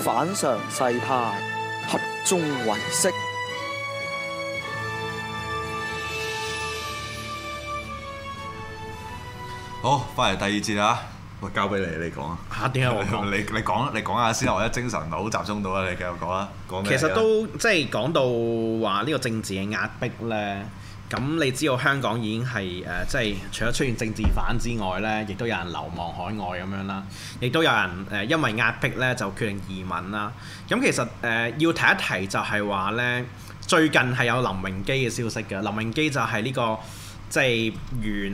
反常世態，合眾唯識。好，翻嚟第二節啊！喂，交俾你，你講啊！吓，點解我講你你講你講下先，我一精神好集中到啊！你繼續講啊，講咩啊？其實都即係講到話呢個政治嘅壓迫咧。咁你知道香港已經係誒，即、呃、係除咗出現政治犯之外咧，亦都有人流亡海外咁樣啦，亦都有人誒因為壓迫咧就決定移民啦。咁、啊、其實誒、呃、要提一提就係話咧，最近係有林榮基嘅消息㗎。林榮基就係呢、這個即係、就是、原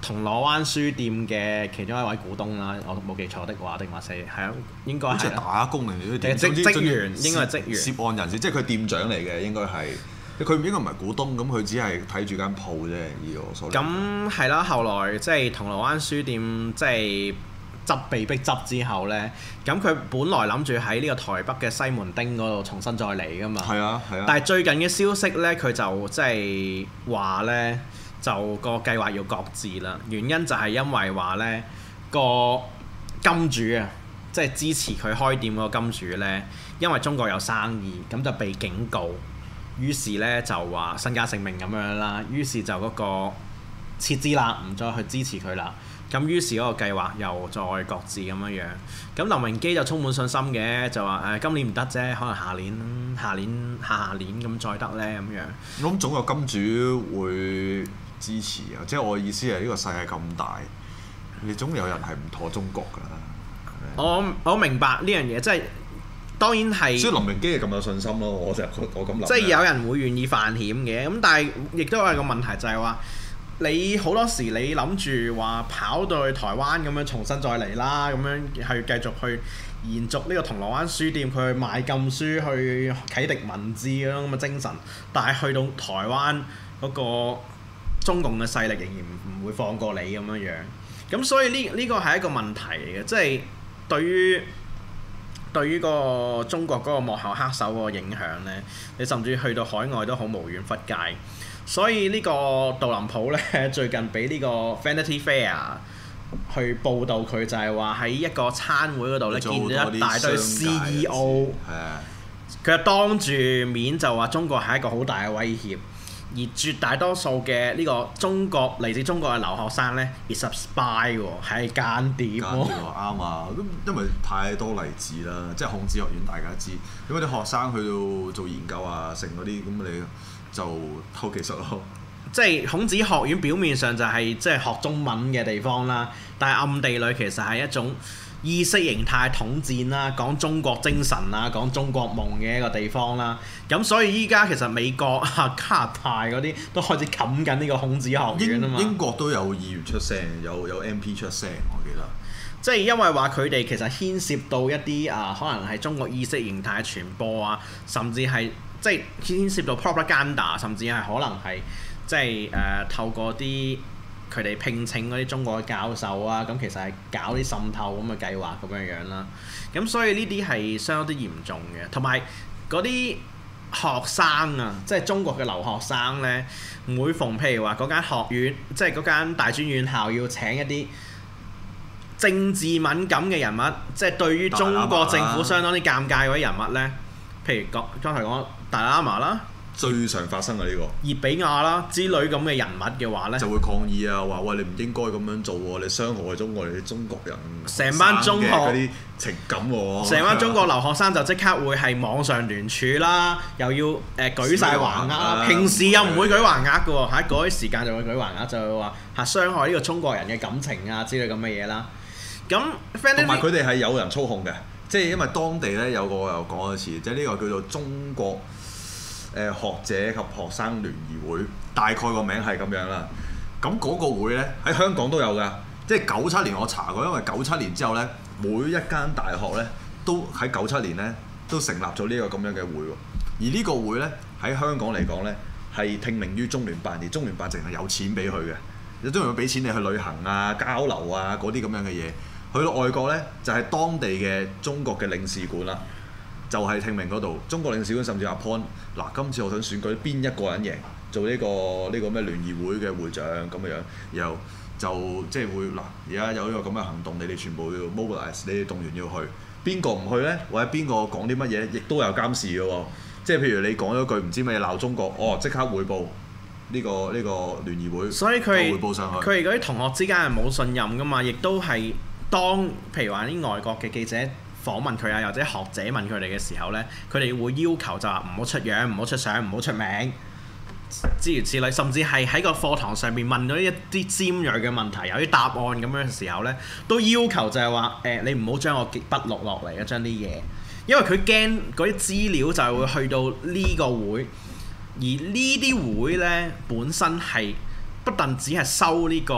銅鑼灣書店嘅其中一位股東啦。我冇記錯的話定話似係啊，應該係打工人嚟嘅，其實職職員應該係職員職，涉案人士即係佢店長嚟嘅、嗯、應該係。佢唔應該，唔係股東，咁佢只係睇住間鋪啫。依個所，咁係啦。後來即係、就是、銅鑼灣書店即係、就是、執被逼執之後呢，咁佢本來諗住喺呢個台北嘅西門町嗰度重新再嚟㗎嘛。係啊，係啊。但係最近嘅消息呢，佢就即係話呢，就個計劃要擱置啦。原因就係因為話呢、那個金主啊，即、就、係、是、支持佢開店嗰個金主呢，因為中國有生意，咁就被警告。於是咧就話身家性命咁樣啦，於是就嗰個撤資啦，唔再去支持佢啦。咁於是嗰個計劃又再各自咁樣。咁林榮基就充滿信心嘅，就話誒、呃、今年唔得啫，可能下年、下年、下下年咁再得呢。咁樣。我諗總有金主會支持啊！即係我意思係呢個世界咁大，你總有人係唔妥中國㗎啦。嗯、我我明白呢樣嘢，即係。當然係，所以林榮基係咁有信心咯，我成日我我咁諗。即係有人會願意犯險嘅，咁但係亦都係個問題就，就係話你好多時你諗住話跑到去台灣咁樣重新再嚟啦，咁樣係繼續去延續呢個銅鑼灣書店去賣禁書、去啟迪文字咁嘅精神，但係去到台灣嗰個中共嘅勢力仍然唔會放過你咁樣樣，咁所以呢呢個係一個問題嚟嘅，即係對於。對於個中國嗰個幕後黑手嗰個影響呢，你甚至去到海外都好，無遠弗屆。所以呢個杜林普呢，最近俾呢個《Vanity Fair》去報導佢，就係話喺一個餐會嗰度咧，見到一大堆 CEO，佢當住面就話中國係一個好大嘅威脅。而絕大多數嘅呢個中國嚟自中國嘅留學生呢，而 spy 喎係間諜？間諜？啱啊！因為太多例子啦，即係孔子學院大家知，咁啲學生去到做研究啊，成嗰啲咁，你就偷技術咯。即係孔子學院表面上就係即係學中文嘅地方啦，但係暗地裏其實係一種意識形態統戰啦，講中國精神啊，講中國夢嘅一個地方啦。咁所以依家其實美國啊，加拿大嗰啲都開始冚緊呢個孔子學院啊嘛英，英國都有議員出聲，有有 MP 出聲，我記得。即係因為話佢哋其實牽涉到一啲啊，可能係中國意識形態傳播啊，甚至係即係牽涉到 propaganda，甚至係可能係即係誒、呃、透過啲。佢哋聘請嗰啲中國教授啊，咁其實係搞啲滲透咁嘅計劃咁樣樣啦。咁所以呢啲係相當之嚴重嘅。同埋嗰啲學生啊，即係中國嘅留學生呢，每逢譬如話嗰間學院，即係嗰間大專院校要請一啲政治敏感嘅人物，即係對於中國政府相當之尷尬嗰啲人物呢，譬如講剛才講大喇嘛啦。最常發生嘅呢個，熱比亞啦之類咁嘅人物嘅話呢，就會抗議啊，話喂，你唔應該咁樣做喎，你傷害我哋中國人，成班中學嗰啲情感喎，成班中國留學生就即刻會係網上聯署啦，又要誒、呃、舉晒橫額啦，額平時又唔會舉橫額嘅喎，喺嗰啲時間就會舉橫額，就會話吓傷害呢個中國人嘅感情啊之類咁嘅嘢啦。咁同埋佢哋係有人操控嘅，即係、嗯、因為當地呢，有個我又講一次，即係呢個叫做中國。誒學者及學生聯誼會，大概個名係咁樣啦。咁嗰個會呢喺香港都有㗎，即係九七年我查過，因為九七年之後呢，每一間大學呢，都喺九七年呢，都成立咗呢個咁樣嘅會喎。而呢個會呢，喺香港嚟講呢，係聽命於中聯辦，而中聯辦淨係有錢俾佢嘅，有中聯會俾錢你去旅行啊、交流啊嗰啲咁樣嘅嘢。去到外國呢，就係、是、當地嘅中國嘅領事館啦、啊。就係聽明嗰度，中國領事館甚至 appoint 嗱，今次我想選舉邊一個人贏做呢個呢個咩聯誼會嘅會長咁嘅樣，然後就即係會嗱，而家有呢個咁嘅行動，你哋全部要 mobilise，你哋動員要去邊個唔去呢？或者邊個講啲乜嘢，亦都有監視嘅喎。即係譬如你講咗句唔知乜嘢鬧中國，哦即刻匯報呢個呢個聯誼會，所以佢佢而家啲同學之間係冇信任㗎嘛，亦都係當譬如話啲外國嘅記者，訪問佢啊，或者學者問佢哋嘅時候呢，佢哋會要求就話唔好出樣，唔好出相，唔好出名，諸如此類。甚至係喺個課堂上面問咗一啲尖鋭嘅問題，有啲答案咁樣嘅時候呢，都要求就係話誒，你唔好將我筆錄落嚟啊，將啲嘢，因為佢驚嗰啲資料就係會去到呢個會，而呢啲會呢本身係不但只係收呢個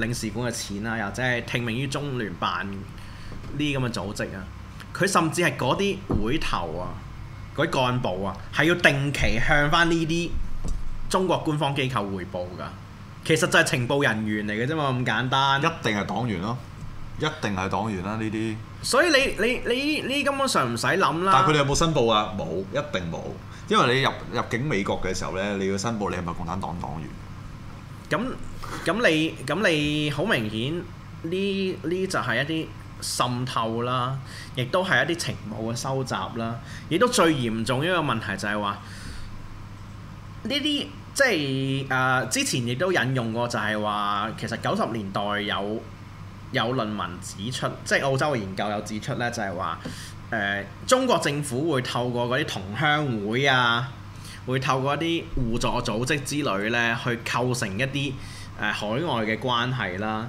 領事館嘅錢啦，又者係聽命於中聯辦呢啲咁嘅組織啊。佢甚至係嗰啲會頭啊，嗰啲幹部啊，係要定期向翻呢啲中國官方機構匯報㗎。其實就係情報人員嚟嘅啫嘛，咁簡單。一定係黨員咯，一定係黨員啦呢啲。所以你你你呢啲根本上唔使諗啦。但係佢哋有冇申報啊？冇，一定冇。因為你入入境美國嘅時候呢，你要申報你係咪共產黨黨員。咁咁你咁你好明顯呢呢就係一啲。滲透啦，亦都係一啲情報嘅收集啦，亦都最嚴重一個問題就係話呢啲即係誒、呃、之前亦都引用過就，就係話其實九十年代有有論文指出，即係澳洲嘅研究有指出咧，就係話誒中國政府會透過嗰啲同鄉會啊，會透過一啲互助組織之類咧，去構成一啲誒、呃、海外嘅關係啦。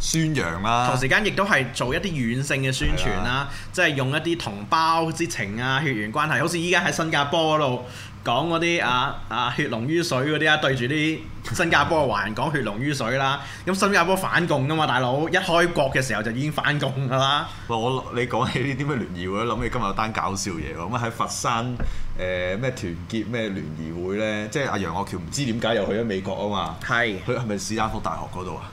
宣揚啦、啊，同時間亦都係做一啲軟性嘅宣傳啦，的即係用一啲同胞之情啊、血緣關係，好似依家喺新加坡嗰度講嗰啲啊、嗯、啊血濃於水嗰啲啊，對住啲新加坡華人講血濃於水啦。咁 新加坡反共噶嘛，大佬一開國嘅時候就已經反共噶啦。喂，我你講起呢啲咩聯誼會，諗起今日有單搞笑嘢喎。咁喺佛山誒咩、呃、團結咩聯誼會呢？即係阿楊岳橋唔知點解又去咗美國啊嘛？係佢係咪史丹福大學嗰度啊？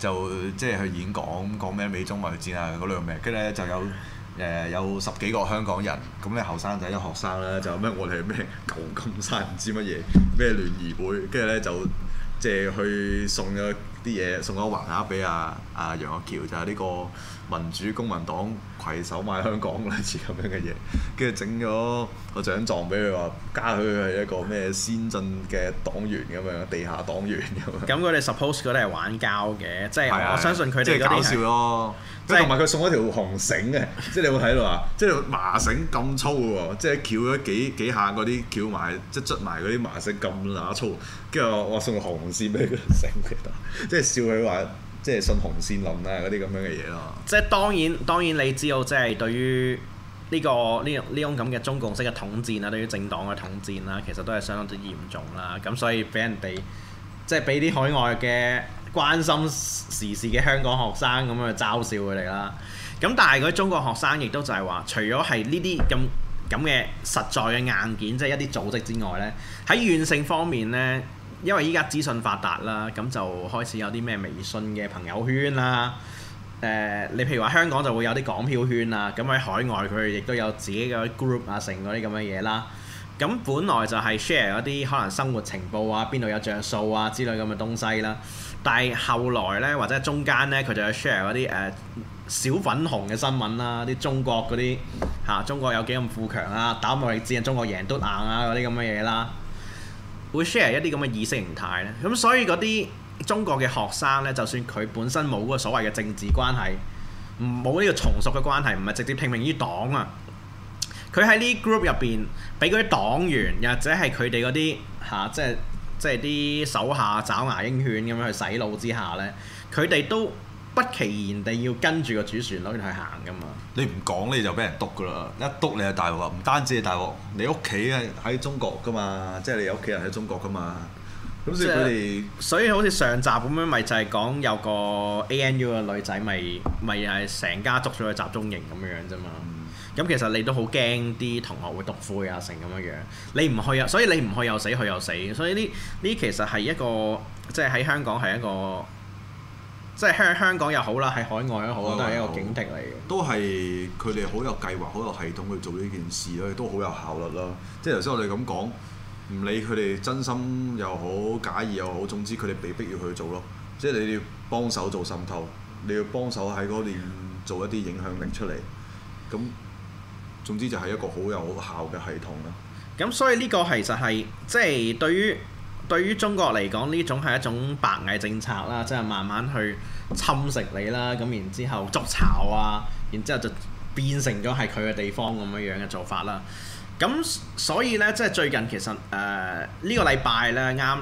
就即係去演講講咩美中外交戰啊嗰類咩，跟住咧就有誒、呃、有十幾個香港人，咁咧後生仔啲學生咧就咩我哋係咩舊金山唔知乜嘢咩聯誼會，跟住咧就即係去送咗啲嘢，送咗橫額俾阿。啊，楊岳橋就係呢個民主公民黨攜手賣香港類似咁樣嘅嘢，跟住整咗個獎狀俾佢話，加佢係一個咩先進嘅黨員咁樣，地下黨員咁。咁佢哋、嗯、suppose 嗰啲係玩膠嘅，即係、啊啊、我相信佢哋。係、啊啊就是、搞笑咯！即係同埋佢送咗條紅繩嘅，即係、就是、你有冇睇到啊？即、就、係、是、麻繩咁粗喎，即係翹咗幾幾下嗰啲翹埋，即係捽埋嗰啲麻繩咁乸粗，跟住我送紅線俾佢，成即係笑佢話。即係信紅線林啊，嗰啲咁樣嘅嘢咯。即係當然當然，當然你知道即係對於呢個呢呢種咁嘅中共式嘅統戰啊，對於政黨嘅統戰啦，其實都係相當之嚴重啦。咁所以俾人哋即係俾啲海外嘅關心時事嘅香港學生咁樣去嘲笑佢哋啦。咁但係嗰啲中國學生亦都就係話，除咗係呢啲咁咁嘅實在嘅硬件，即係一啲組織之外呢，喺軟性方面呢。因為依家資訊發達啦，咁就開始有啲咩微信嘅朋友圈啦，誒、呃，你譬如話香港就會有啲港票圈啊，咁喺海外佢亦都有自己嘅 group 啊，成嗰啲咁嘅嘢啦。咁本來就係 share 嗰啲可能生活情報啊，邊度有著數啊之類咁嘅東西啦。但係後來呢，或者中間呢，佢就去 share 嗰啲誒、uh, 小粉紅嘅新聞啦，啲中國嗰啲嚇，中國有幾咁富強啊，打貿易戰中國贏都硬啊，嗰啲咁嘅嘢啦。會 share 一啲咁嘅意識形態咧，咁所以嗰啲中國嘅學生咧，就算佢本身冇嗰個所謂嘅政治關係，唔冇呢個從屬嘅關係，唔係直接聽命於黨啊，佢喺呢 group 入邊，俾嗰啲黨員或者係佢哋嗰啲嚇，即係即係啲手下爪牙鷹犬咁樣去洗腦之下咧，佢哋都不其然地要跟住個主旋律去行噶嘛？你唔講咧就俾人篤噶啦！一篤你係大鑊，唔單止係大鑊，你屋企咧喺中國噶嘛，即係你屋企人喺中國噶嘛。咁所以佢哋，所以好似上集咁樣，咪就係講有個 A N U 嘅女仔，咪咪係成家捉咗去集中營咁樣啫嘛。咁、嗯、其實你都好驚啲同學會篤灰啊，成咁樣樣。你唔去啊，所以你唔去又死，去又死。所以呢呢其實係一個，即係喺香港係一個。即係香香港又好啦，喺海外又好，好好都係一個警惕嚟嘅。都係佢哋好有計劃、好有系統去做呢件事咯，都好有效率咯。即係頭先我哋咁講，唔理佢哋真心又好、假意又好，總之佢哋被逼要去做咯。即係你要幫手做滲透，你要幫手喺嗰邊做一啲影響力出嚟。咁總之就係一個好有效嘅系統啦。咁、嗯、所以呢個其實係即係對於。對於中國嚟講，呢種係一種白蟻政策啦，即係慢慢去侵蝕你啦，咁然之後築巢啊，然之後就變成咗係佢嘅地方咁樣樣嘅做法啦。咁所以呢，即係最近其實誒呢個禮拜呢，啱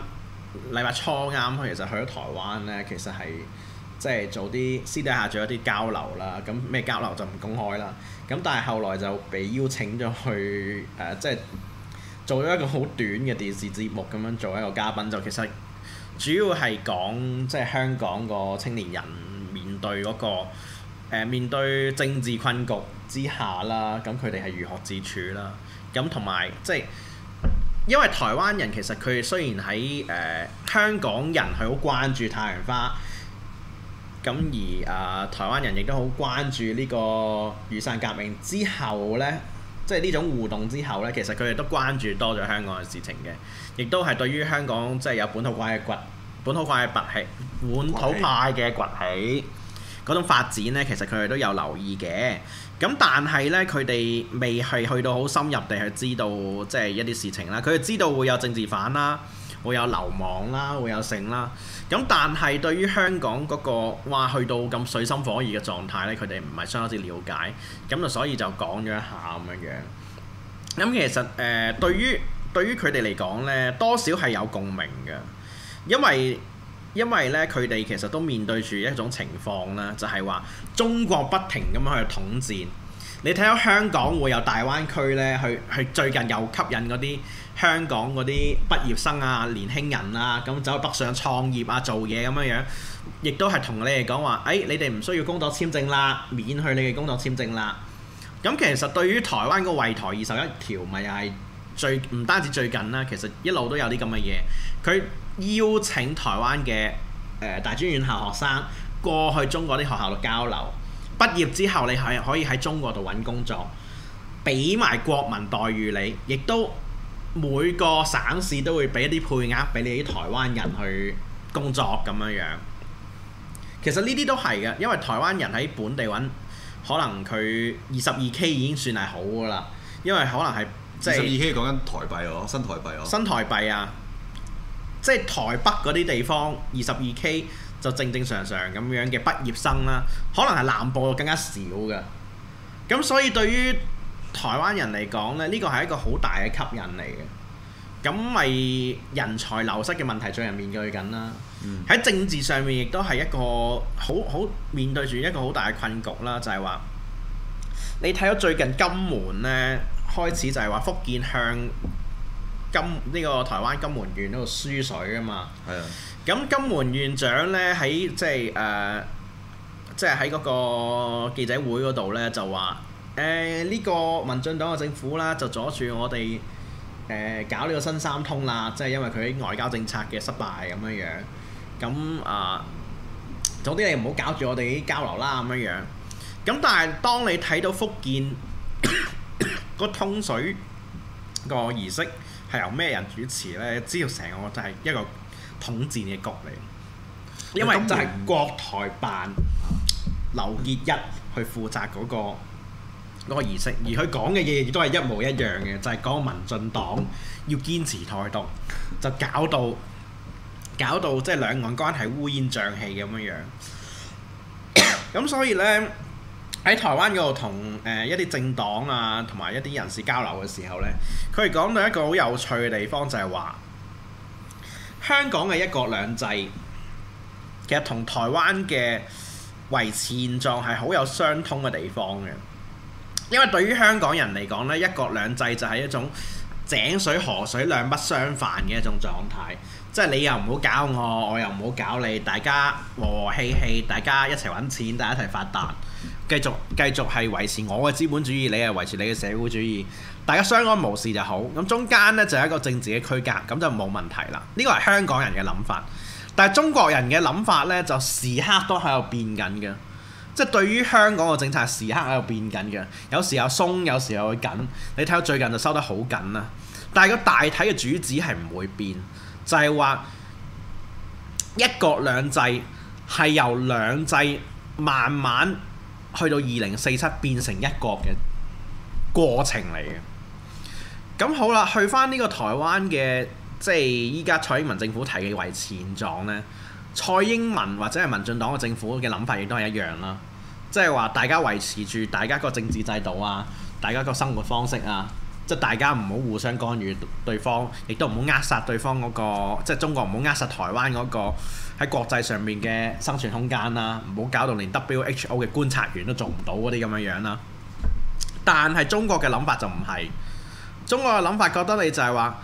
禮拜初啱，其實去咗台灣呢，其實係即係做啲私底下做一啲交流啦。咁咩交流就唔公開啦。咁但係後來就被邀請咗去誒，即係。做咗一個好短嘅電視節目咁樣做一個嘉賓，就其實主要係講即係香港個青年人面對嗰、那個、呃、面對政治困局之下啦，咁佢哋係如何自處啦？咁同埋即係因為台灣人其實佢雖然喺誒、呃、香港人係好關注《太陽花》，咁而啊台灣人亦都好關注呢個雨傘革命之後呢。即係呢種互動之後呢，其實佢哋都關注多咗香港嘅事情嘅，亦都係對於香港即係有本土派嘅崛、本土派嘅崛起、本土派嘅崛起嗰種發展呢，其實佢哋都有留意嘅。咁但係呢，佢哋未係去，去到好深入地去知道即係、就是、一啲事情啦。佢哋知道會有政治犯啦。會有流亡啦，會有剩啦。咁但係對於香港嗰、那個哇，去到咁水深火熱嘅狀態呢，佢哋唔係相當之了解，咁就所以就講咗一下咁樣樣。咁其實誒、呃，對於對於佢哋嚟講呢，多少係有共鳴嘅，因為因為呢，佢哋其實都面對住一種情況啦，就係、是、話中國不停咁樣去統戰。你睇下香港會有大灣區呢，去去最近又吸引嗰啲。香港嗰啲畢業生啊、年輕人啊，咁走去北上創業啊、做嘢咁樣樣，亦都係同你哋講話誒，你哋唔需要工作簽證啦，免去你嘅工作簽證啦。咁其實對於台灣個惠台二十一條，咪又係最唔單止最近啦，其實一路都有啲咁嘅嘢。佢邀請台灣嘅誒、呃、大專院校學生過去中國啲學校度交流，畢業之後你係可以喺中國度揾工作，俾埋國民待遇你，亦都，每個省市都會俾一啲配額俾你啲台灣人去工作咁樣樣，其實呢啲都係嘅，因為台灣人喺本地揾，可能佢二十二 K 已經算係好噶啦，因為可能係即係二十二 K 係講緊台幣哦，新台幣哦，新台幣啊，即係台北嗰啲地方二十二 K 就正正常常咁樣嘅畢業生啦，可能係南部更加少噶，咁所以對於台灣人嚟講咧，呢個係一個好大嘅吸引嚟嘅，咁咪人才流失嘅問題最近面對緊啦。喺、嗯、政治上面亦都係一個好好面對住一個好大嘅困局啦，就係、是、話你睇到最近金門咧開始就係話福建向金呢、這個台灣金門縣嗰度輸水啊嘛。係啊、嗯，咁金門縣長咧喺即係誒，即係喺嗰個記者會嗰度咧就話。誒呢、呃這個民進黨嘅政府啦，就阻住我哋誒、呃、搞呢個新三通啦，即係因為佢喺外交政策嘅失敗咁樣樣。咁啊，早啲你唔好搞住我哋啲交流啦咁樣樣。咁但係當你睇到福建個 通水個儀式係由咩人主持呢？知道成個就係一個統戰嘅局嚟，因為就係國台辦劉結一去負責嗰、那個。嗰個意識，而佢講嘅嘢亦都係一模一樣嘅，就係講民進黨要堅持台獨，就搞到搞到即係兩岸關係烏煙瘴氣咁樣樣。咁 所以呢，喺台灣嗰度同誒一啲政黨啊，同埋一啲人士交流嘅時候呢，佢哋講到一個好有趣嘅地方，就係話香港嘅一國兩制，其實同台灣嘅維持現狀係好有相通嘅地方嘅。因為對於香港人嚟講呢一國兩制就係一種井水河水兩不相犯嘅一種狀態，即係你又唔好搞我，我又唔好搞你，大家和和氣氣，大家一齊揾錢，大家一齊發達，繼續繼續係維持我嘅資本主義，你係維持你嘅社會主義，大家相安無事就好。咁中間呢就係一個政治嘅區隔，咁就冇問題啦。呢個係香港人嘅諗法，但係中國人嘅諗法呢，就時刻都喺度變緊嘅。即係對於香港嘅政策係時刻喺度變緊嘅，有時候鬆，有時候會緊。你睇到最近就收得好緊啦，但係個大體嘅主旨係唔會變，就係話一國兩制係由兩制慢慢去到二零四七變成一國嘅過程嚟嘅。咁好啦，去翻呢個台灣嘅，即係依家蔡英文政府提嘅維持現狀呢。蔡英文或者係民進黨嘅政府嘅諗法亦都係一樣啦，即係話大家維持住大家個政治制度啊，大家個生活方式啊，即係大家唔好互相干預對方，亦都唔好扼殺對方嗰個，即係中國唔好扼殺台灣嗰個喺國際上面嘅生存空間啦，唔好搞到連 WHO 嘅觀察員都做唔到嗰啲咁嘅樣啦。但係中國嘅諗法就唔係，中國嘅諗法覺得你就係話。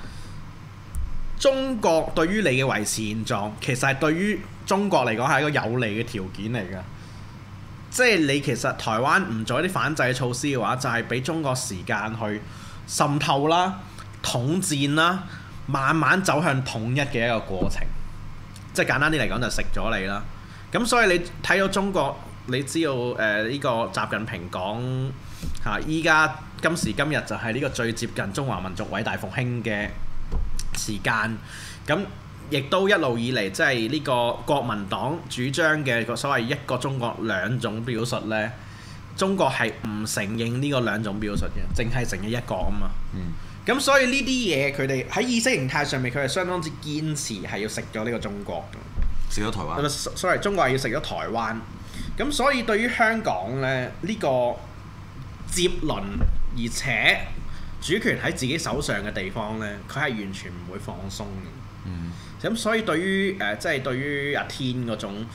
中國對於你嘅維持現狀，其實係對於中國嚟講係一個有利嘅條件嚟嘅。即係你其實台灣唔做一啲反制嘅措施嘅話，就係、是、俾中國時間去滲透啦、統戰啦，慢慢走向統一嘅一個過程。即係簡單啲嚟講就了了，就食咗你啦。咁所以你睇到中國，你知道誒呢、呃這個習近平講吓，依家今時今日就係呢個最接近中華民族偉大復興嘅時間咁亦都一路以嚟，即係呢個國民黨主張嘅所謂一個中國兩種表述呢。中國係唔承認呢個兩種表述嘅，淨係承認一個啊嘛。嗯。咁所以呢啲嘢，佢哋喺意識形態上面，佢係相當之堅持，係要食咗呢個中國，食咗台灣。sorry，中國係要食咗台灣。咁所以對於香港呢，呢、呢個接鄰而且，主權喺自己手上嘅地方呢，佢係完全唔會放鬆嘅。咁、嗯嗯、所以對於誒、呃，即係對於阿天嗰種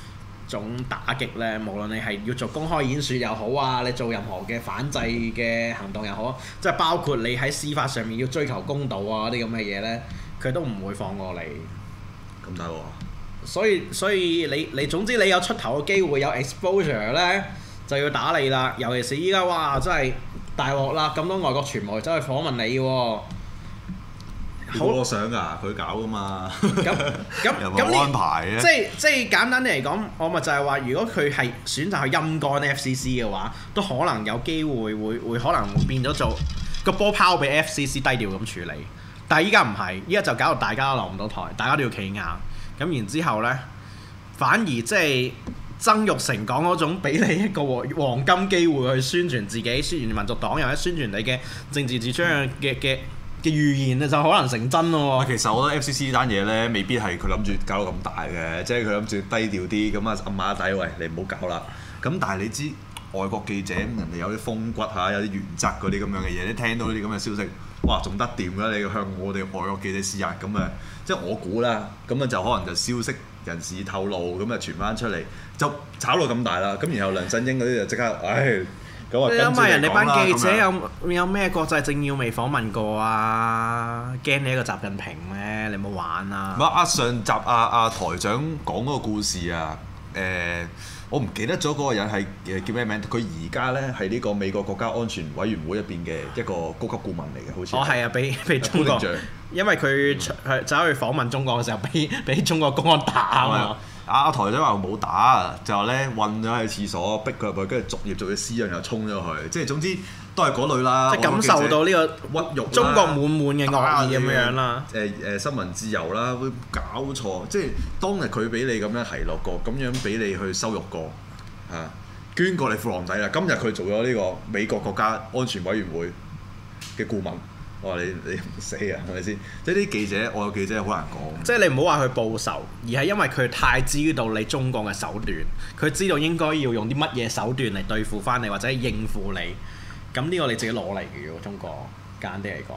種打擊呢，無論你係要做公開演説又好啊，你做任何嘅反制嘅行動又好，即係包括你喺司法上面要追求公道啊啲咁嘅嘢呢，佢都唔會放過你。咁抵、嗯、所以所以你你總之你有出頭嘅機會，有 exposure 呢，就要打你啦。尤其是依家哇，真係～大鑊啦！咁多外國傳媒走去訪問你喎，好多相㗎，佢搞噶嘛？咁咁咁安排咧？即係即係簡單啲嚟講，我咪就係話，如果佢係選擇去陰幹 FCC 嘅話，都可能有機會會會可能會變咗做個波拋俾 FCC 低調咁處理。但係依家唔係，依家就搞到大家都留唔到台，大家都要企硬。咁然之後呢，反而即係。曾鈺成講嗰種俾你一個黃金機會去宣傳自己，宣傳民族黨，又喺宣傳你嘅政治主張嘅嘅嘅預言啊，就可能成真咯。其實我覺得 FCC 呢單嘢咧，未必係佢諗住搞到咁大嘅，即係佢諗住低調啲咁啊，暗啞底，喂，你唔好搞啦。咁但係你知。外國記者人哋有啲風骨吓，有啲原則嗰啲咁樣嘅嘢，你聽到呢啲咁嘅消息，哇，仲得掂㗎？你向我哋外國記者施壓咁誒，即係我估啦，咁誒就可能就消息人士透露咁誒傳返出嚟，就炒到咁大啦。咁然後梁振英嗰啲就即刻，唉，咁啊，人哋班記者有有咩國際政要未訪問過啊？驚你一個習近平咩？你冇玩啊？唔係，上集阿阿、啊啊啊、台長講嗰個故事啊。誒、呃，我唔記得咗嗰個人係誒叫咩名？佢而家咧係呢個美國國家安全委員會入邊嘅一個高級顧問嚟嘅，好似哦係啊，俾俾中，中國，因為佢去走去訪問中國嘅時候，俾俾中國公安打嘛，係係啊！阿台仔話冇打，就話咧困咗喺廁所，逼佢入去，跟住逐頁逐頁撕爛又沖咗去，即係總之。都係嗰類啦，即感受到呢個屈辱，中國滿滿嘅惡意咁你樣啦。誒誒、呃呃，新聞自由啦，會搞錯。即係當日佢俾你咁樣奚落過，咁樣俾你去羞辱過，嚇、啊、捐過你褲浪底啦。今日佢做咗呢個美國國家安全委員會嘅顧問，我話你你唔死啊，係咪先？即係啲記者，我有記者好難講。即係你唔好話佢報仇，而係因為佢太知道你中國嘅手段，佢知道應該要用啲乜嘢手段嚟對付翻你，或者應付你。咁呢個你自己攞嚟嘅喎，中國簡單啲嚟講。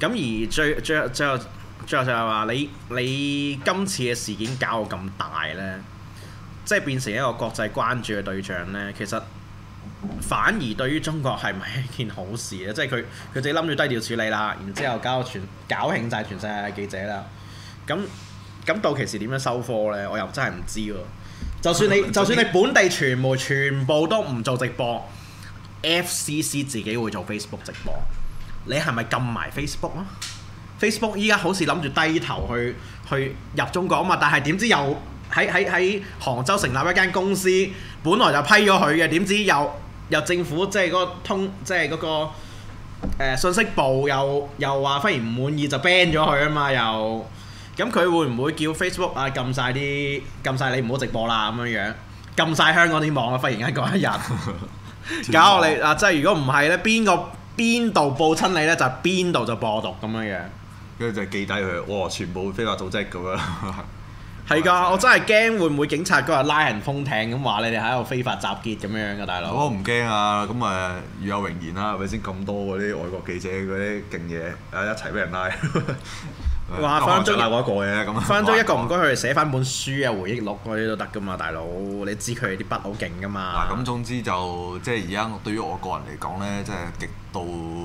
咁而最最最後最後就係話，你你今次嘅事件搞到咁大呢，即係變成一個國際關注嘅對象呢，其實反而對於中國係咪一件好事咧？即係佢佢自己諗住低調處理啦，然之後搞到全搞興晒全世界嘅記者啦。咁咁到期時點樣收科呢？我又真係唔知喎。 就算你就算你本地傳媒全部都唔做直播。FCC 自己會做 Facebook 直播，你係咪禁埋 Facebook 啊？Facebook 依家好似諗住低頭去去入中國啊嘛，但係點知又喺喺喺杭州成立一間公司，本來就批咗佢嘅，點知又又政府即係嗰個通即係嗰個信息部又又話忽然唔滿意就 ban 咗佢啊嘛，又咁佢會唔會叫 Facebook 啊禁晒啲禁晒你唔好直播啦咁樣樣，禁晒香港啲網啊，忽然間嗰一日。 搞我你嗱，即係如果唔係咧，邊個邊度報親你咧，就係邊度就播毒咁樣嘅。跟住就記低佢，哇、哦！全部非法組織咁樣。係 噶的， 我真係驚會唔會警察嗰日拉人封艇咁話你哋喺度非法集結咁樣噶，大佬。我唔驚啊，咁咪與有榮焉啦，係咪先？咁多嗰啲外國記者嗰啲勁嘢，啊一齊俾人拉。 話翻中有一個嘅，咁翻中一個唔該佢寫翻本書啊、回憶錄嗰啲都得噶嘛，大佬，你知佢啲筆好勁噶嘛。嗱咁、啊、總之就即係而家對於我個人嚟講咧，即係極度。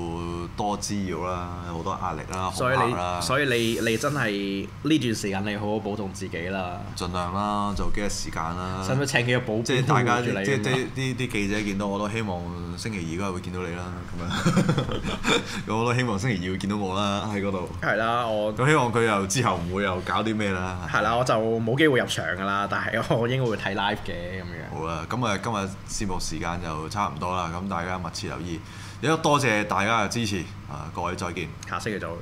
多滋擾啦，好多壓力啦，所以你，所以你，你真係呢段時間，你好好保重自己啦。盡量啦，就幾日時間啦。使唔使請幾個保？即係大家，即即啲啲記者見到，我都希望星期二應該會見到你啦。咁樣，我都希望星期二會見到我啦，喺嗰度。係啦，我。咁希望佢又之後唔會又搞啲咩啦。係啦，我就冇機會入場㗎啦，但係我應該會睇 live 嘅咁樣。好啦，咁誒今日節目時間就差唔多啦，咁大家密切留意。亦都多謝大家嘅支持，啊，各位再見，下星期再會。